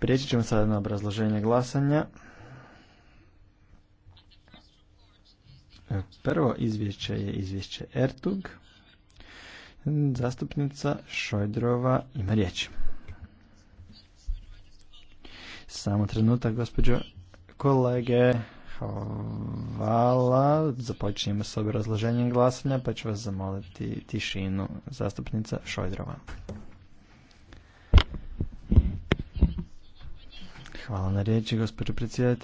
Prijeći ćemo sada na obrazloženje glasanja. Prvo izvješće je izvješće Ertug. Zastupnica Šojdrova ima riječ. Samo trenutak, gospođo kolege. Hvala započinjemo s obrazloženjem glasanja pa ću vas zamoliti tišinu zastupnica Šojdrova. Hvala na riječi, gospođo predsjedatelj.